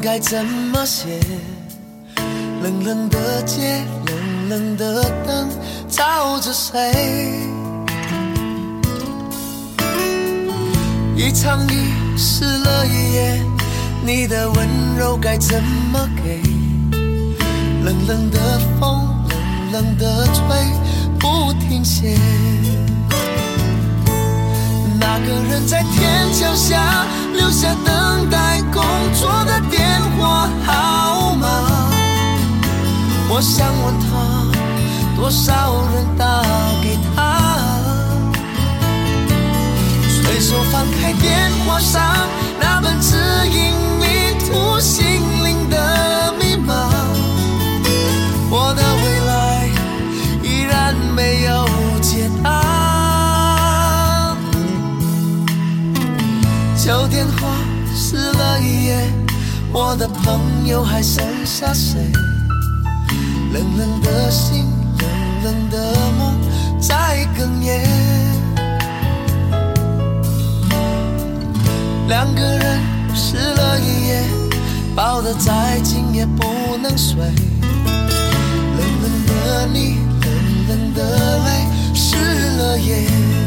該怎麼寫？冷冷的街，冷冷的燈，照着誰？一場雨濕了一夜，你的溫柔該怎麼給？冷冷的風，冷冷的吹，不停歇。那個人在天橋下。留下等待工作的電話號碼，我想問他多少人打給他。隨手放開電話上那本指引迷途心。我的朋友還剩下誰？冷冷的心，冷冷的夢在哽咽。兩個人撕了一夜，抱得再緊也不能睡。冷冷的你，冷冷的淚撕了夜。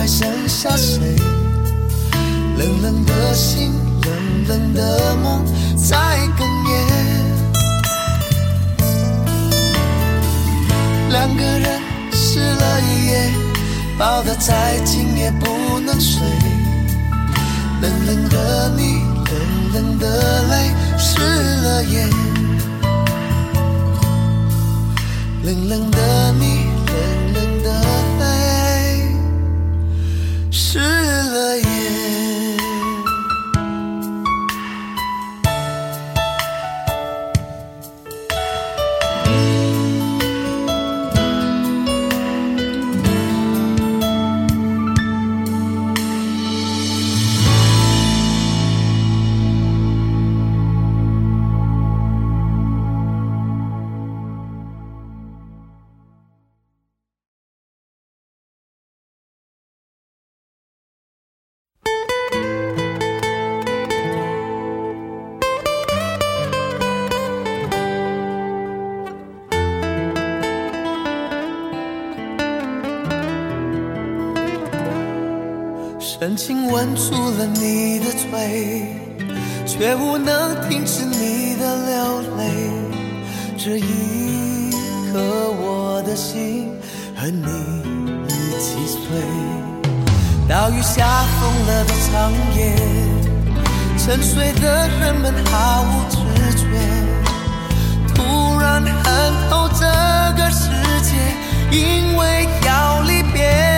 還剩下誰？冷冷的心，冷冷的夢在哽咽。兩個人濕了一夜，抱得再緊也不能睡。冷冷的你，冷冷的淚濕了夜。冷冷的你。輕輕吻住了你的嘴，卻無能停止你的流淚。這一刻，我的心和你一起碎。大雨下瘋了的長夜，沉睡的人們毫無知覺。突然恨透這個世界，因為要離別。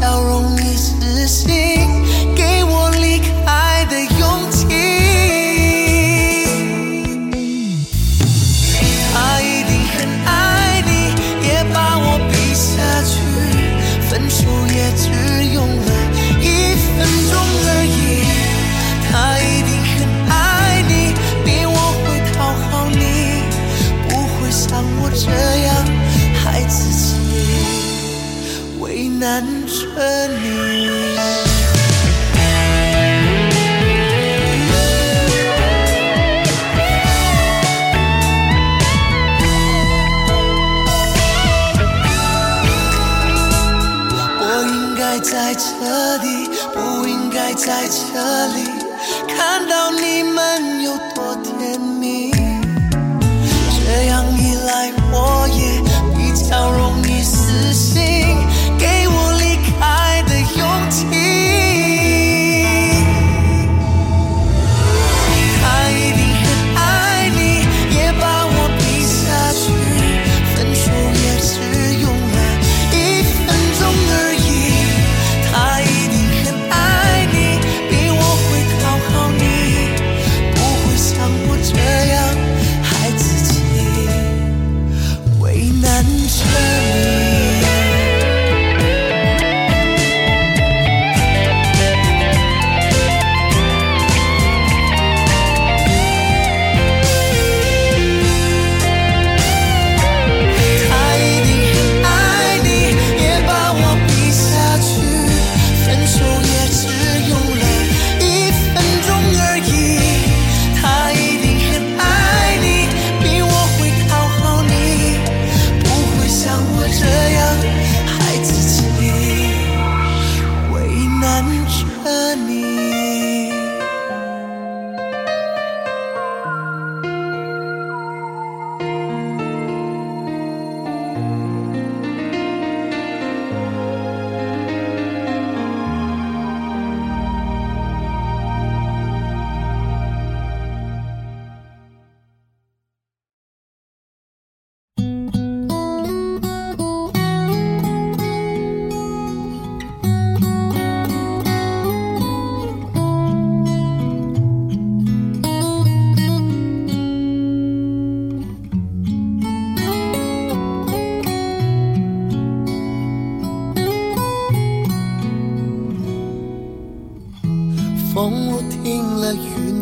笑容。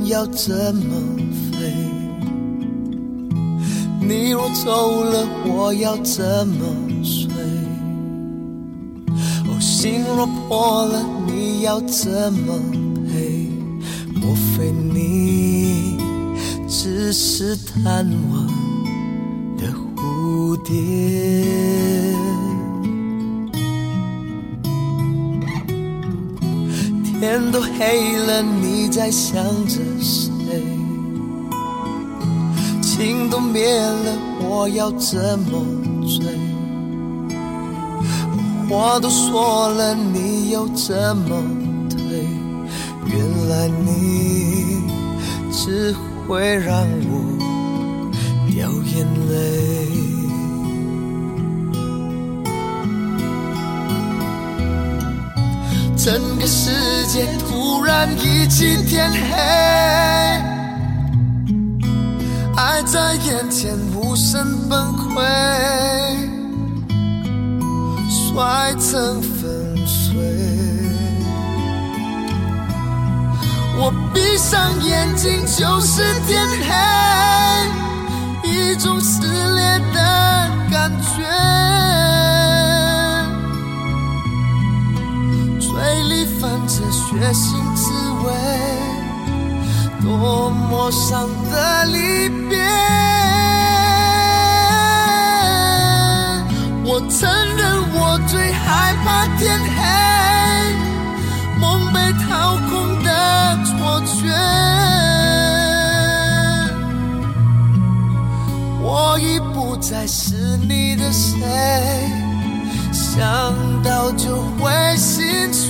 要怎麼飛？你若走了，我要怎麼睡？哦、心若破了，你要怎麼賠？莫非你只是貪玩的蝴蝶？天都黑了，你在想着誰？情都滅了，我要怎麼追？我話都說了，你又怎麼退？原來你只會讓我掉眼淚。世界突然一起天黑，愛在眼前無聲崩潰，摔成粉碎。我閉上眼睛就是天黑，一種撕裂的感覺。的心滋味，多麼傷的離別。我承認我最害怕天黑，夢被掏空的錯覺。我已不再是你的誰，想到就會心碎。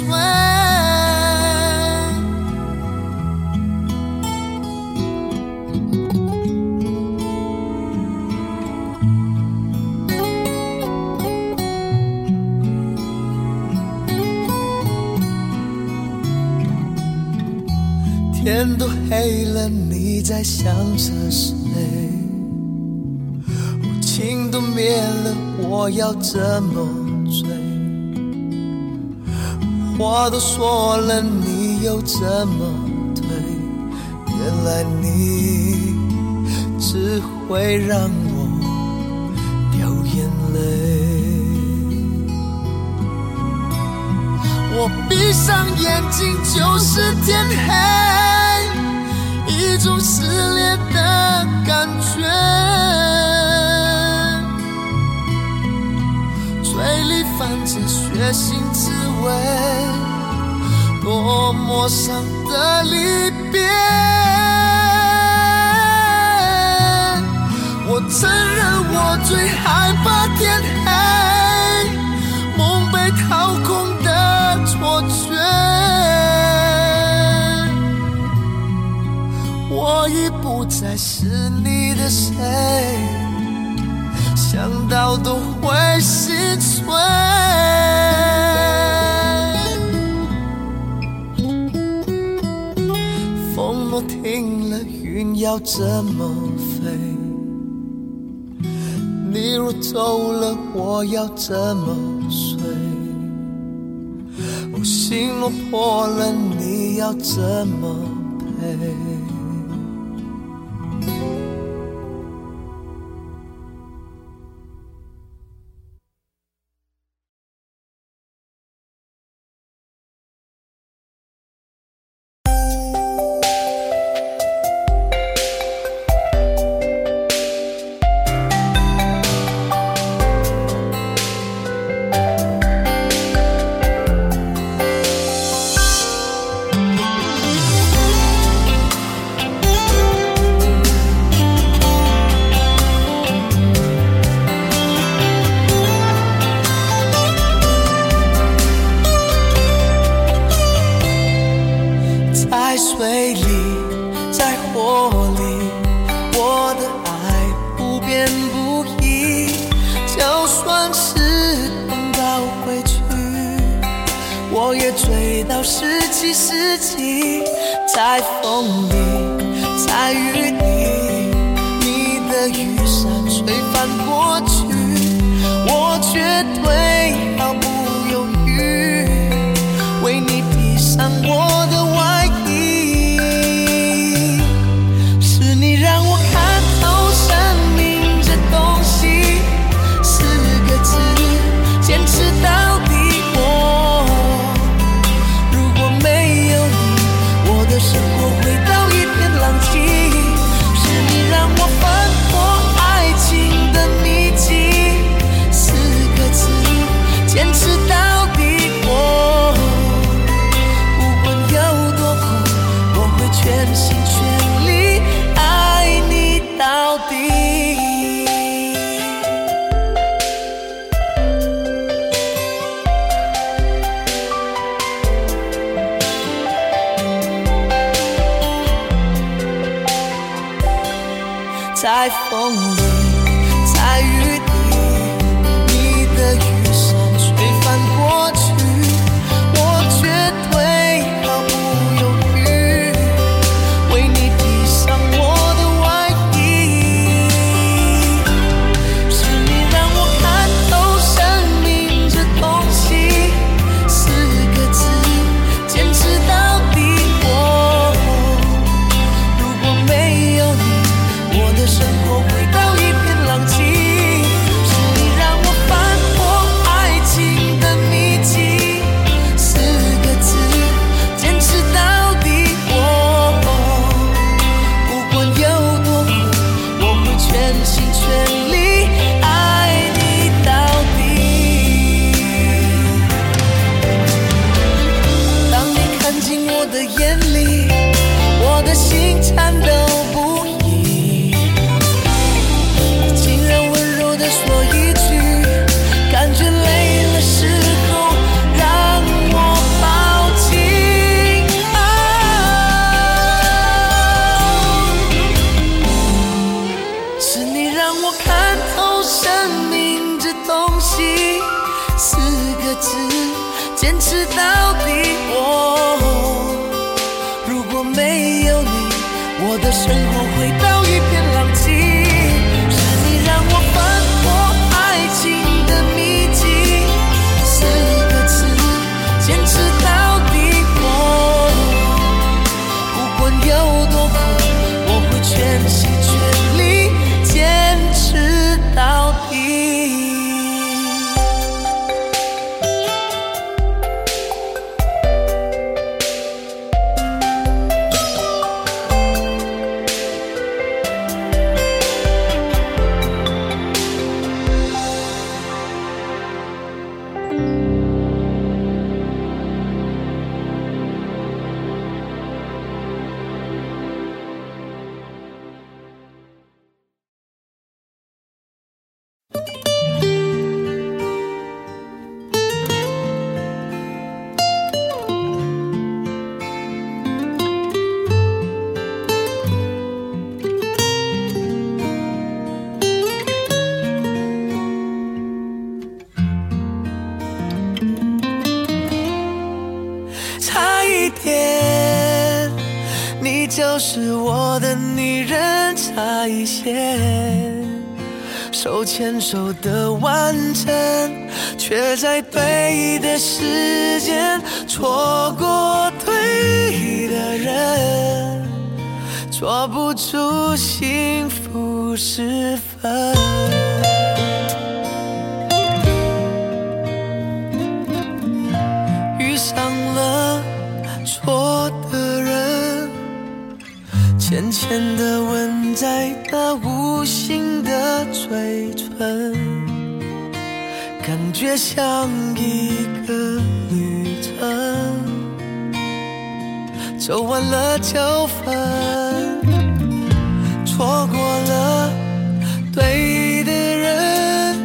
天都黑了，你在想着誰？情都滅了，我要怎麼追？話都說了，你又怎麼退？原來你只會讓我掉眼淚。我閉上眼睛就是天黑。一種撕裂的感覺，嘴裡泛着血腥滋味，多麼傷的離別。我承認，我最害怕天黑。已不再是你的誰，想到都會心碎。風若停了，雲要怎麼飛？你若走了，我要怎麼睡？哦，心落破了，你要怎麼？手牽手的完整，卻在對的時間錯過對的人，抓不住幸福時分，遇上了錯的人，淺淺的吻。在那無形的嘴唇，感覺像一個旅程，走完了就分，錯過了對的人，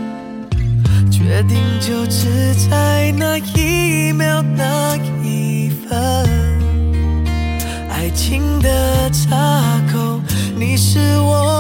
決定就只在那一秒那一分，愛情的岔。是我。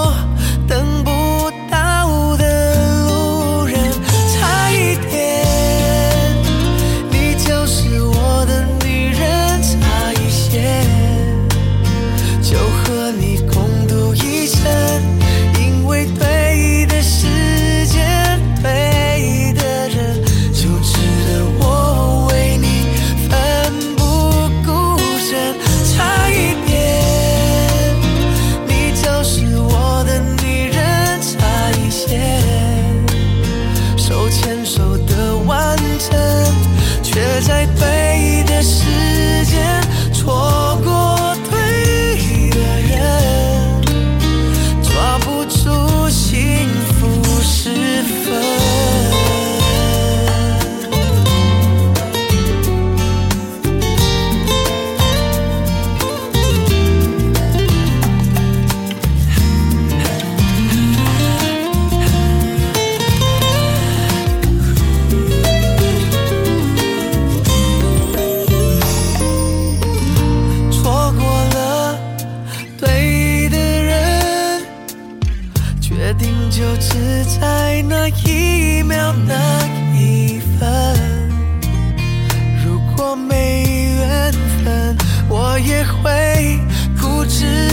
就只在那一秒，那一分。如果沒緣分，我也會固執。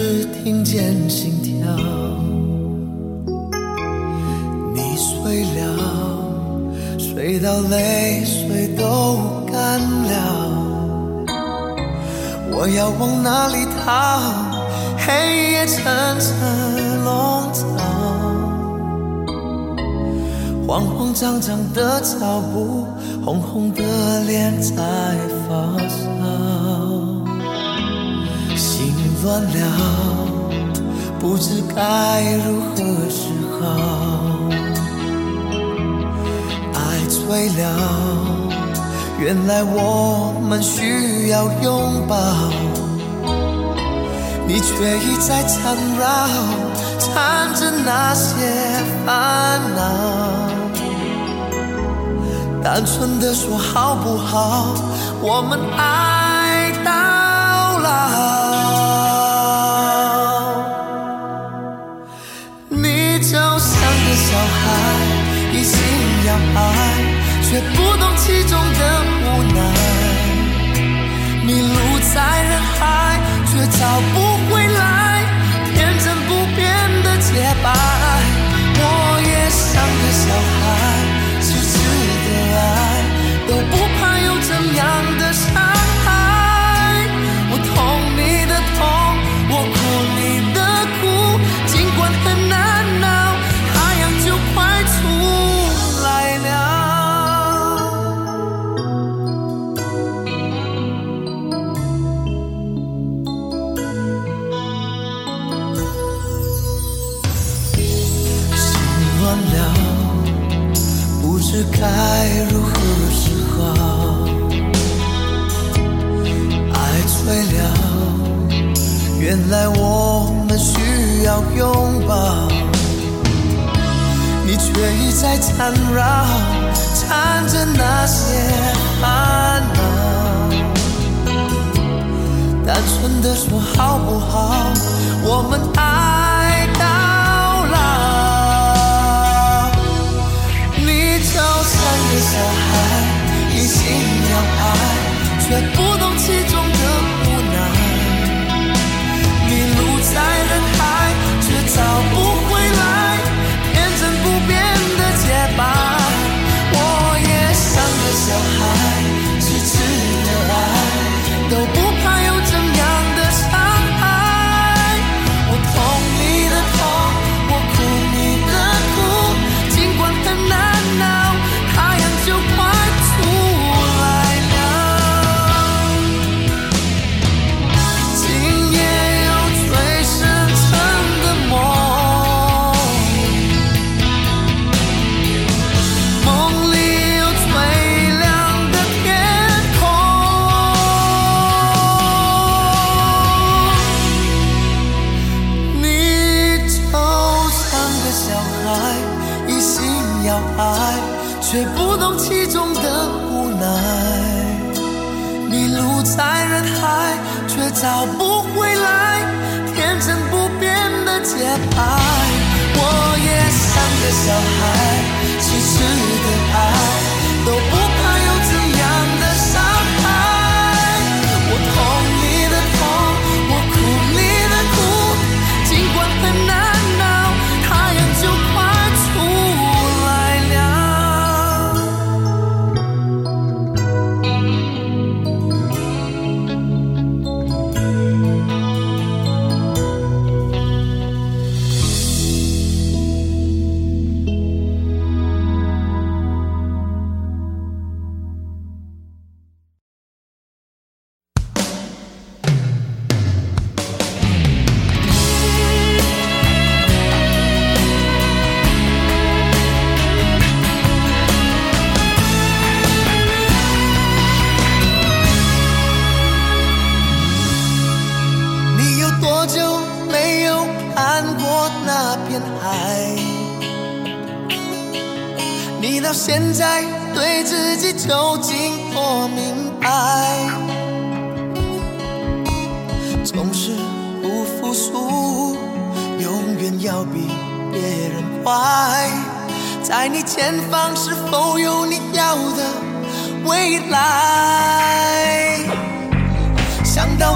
間心跳，你睡了，睡到淚水都乾了。我要往哪裡逃？黑夜層層籠罩，慌慌張張的腳步，紅紅的臉在發燒，心亂了。不知該如何是好，愛醉了，原來我們需要擁抱，你卻一再纏繞，纏着那些煩惱，單純的說好不好，我們愛到。在纏繞，纏着那些煩惱、啊。單純的說好不好？我們愛到老。你就像個小孩，一心要愛，卻。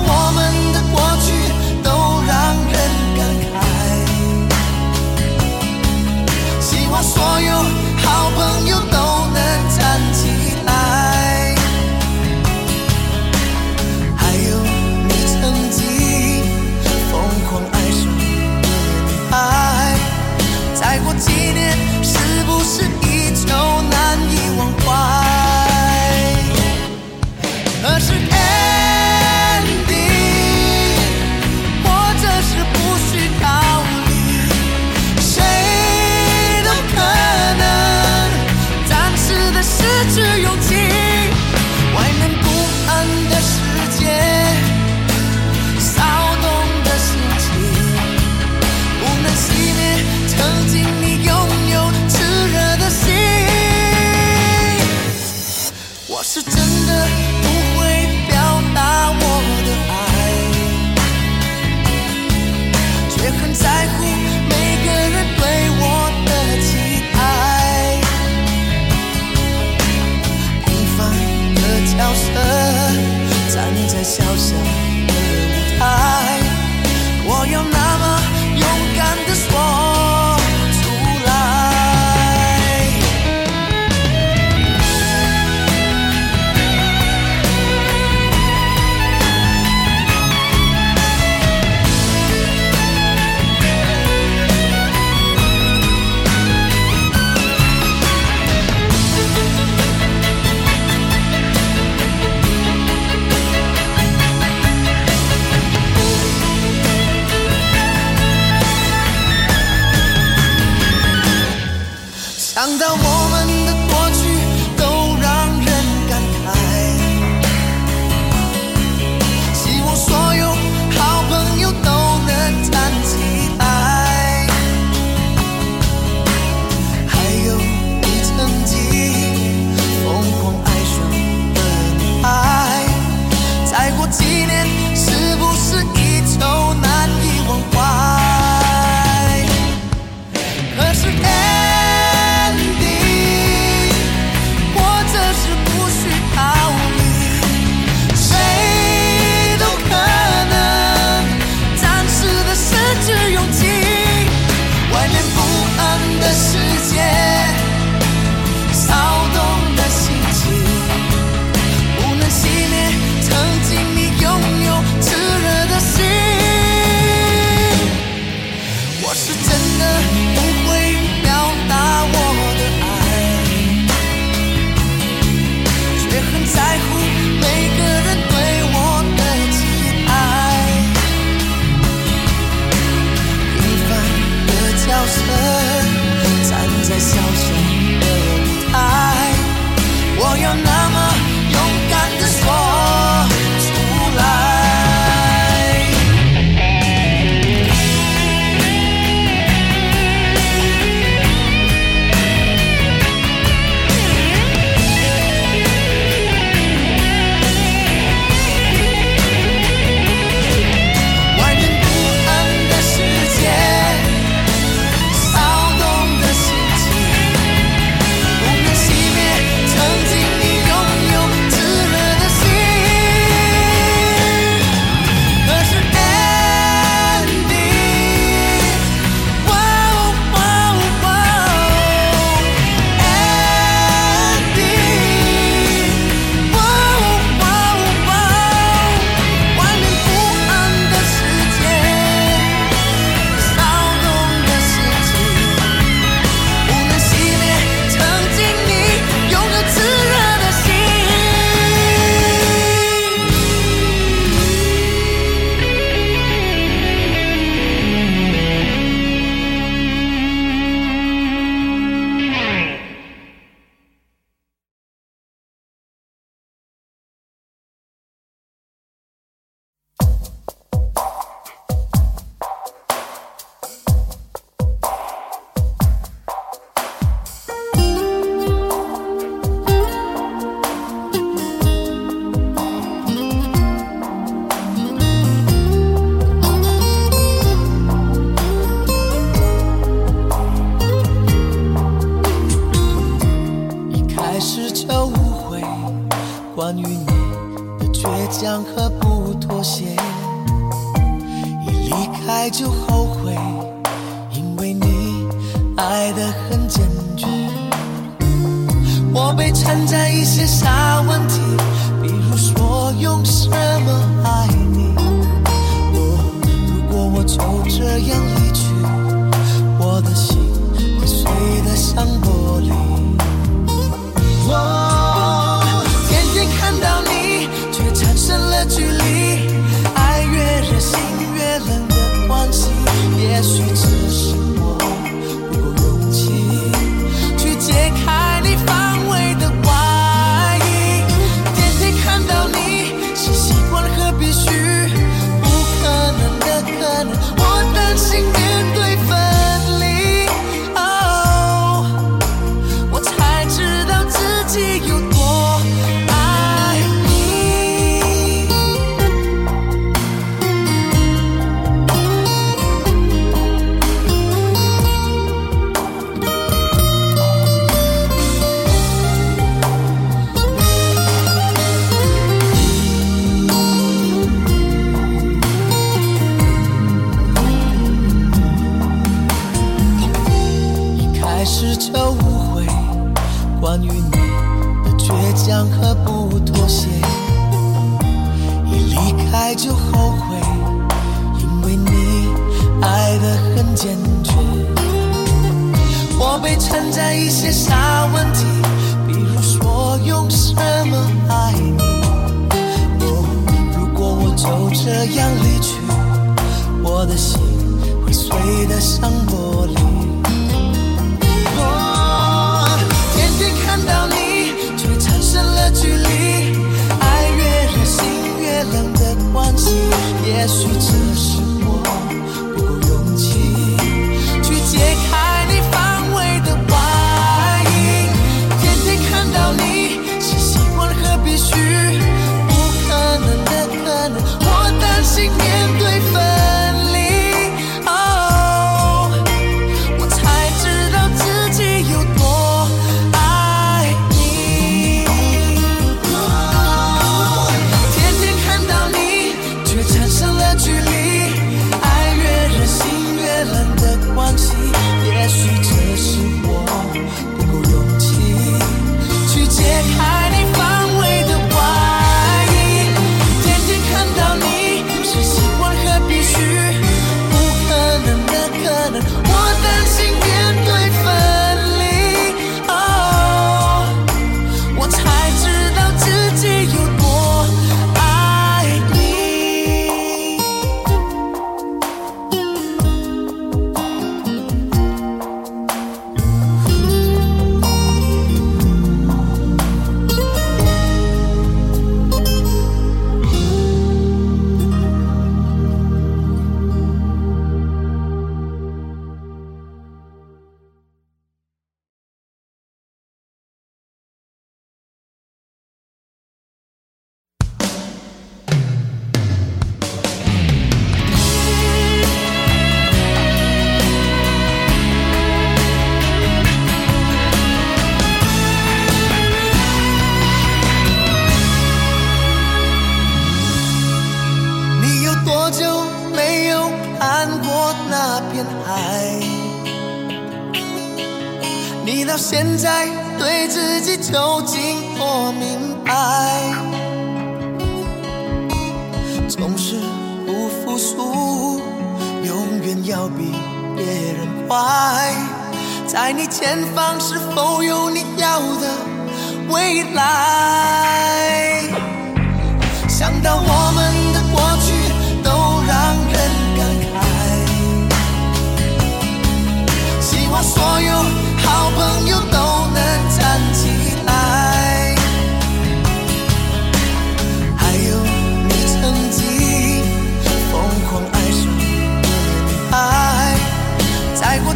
我們。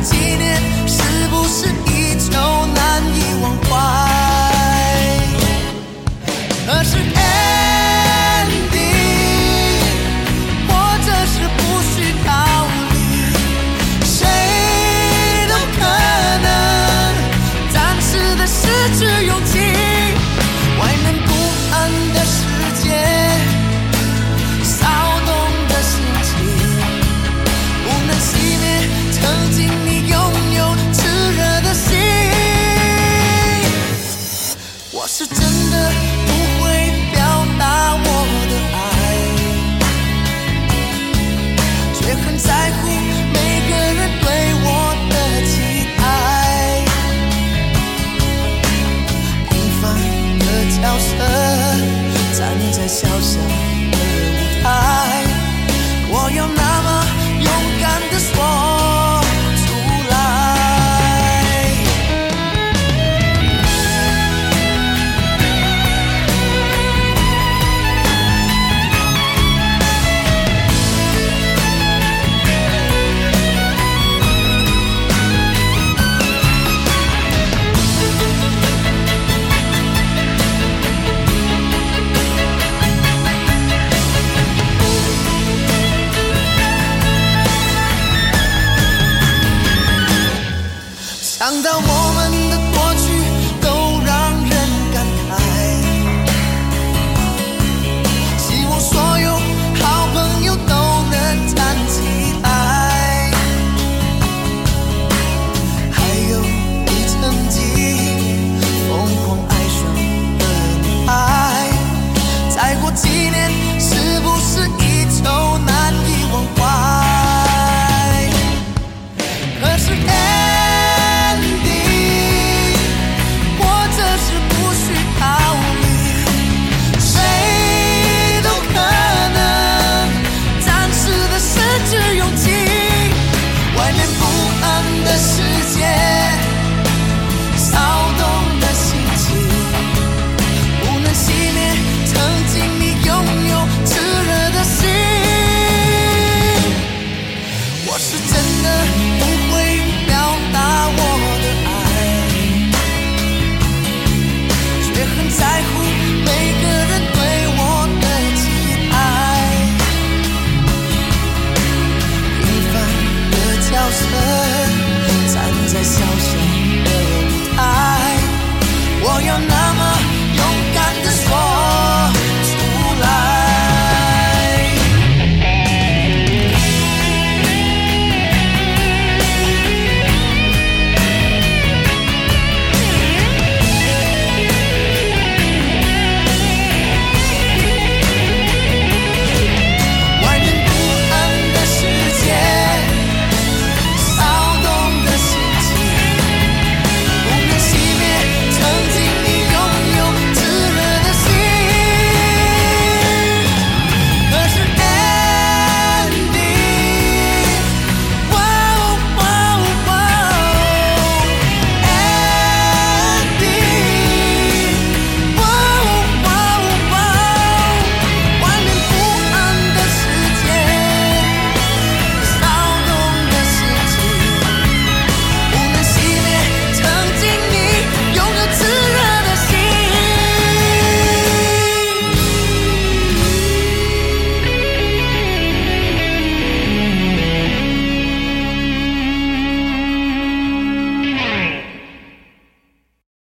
紀念，年是不是？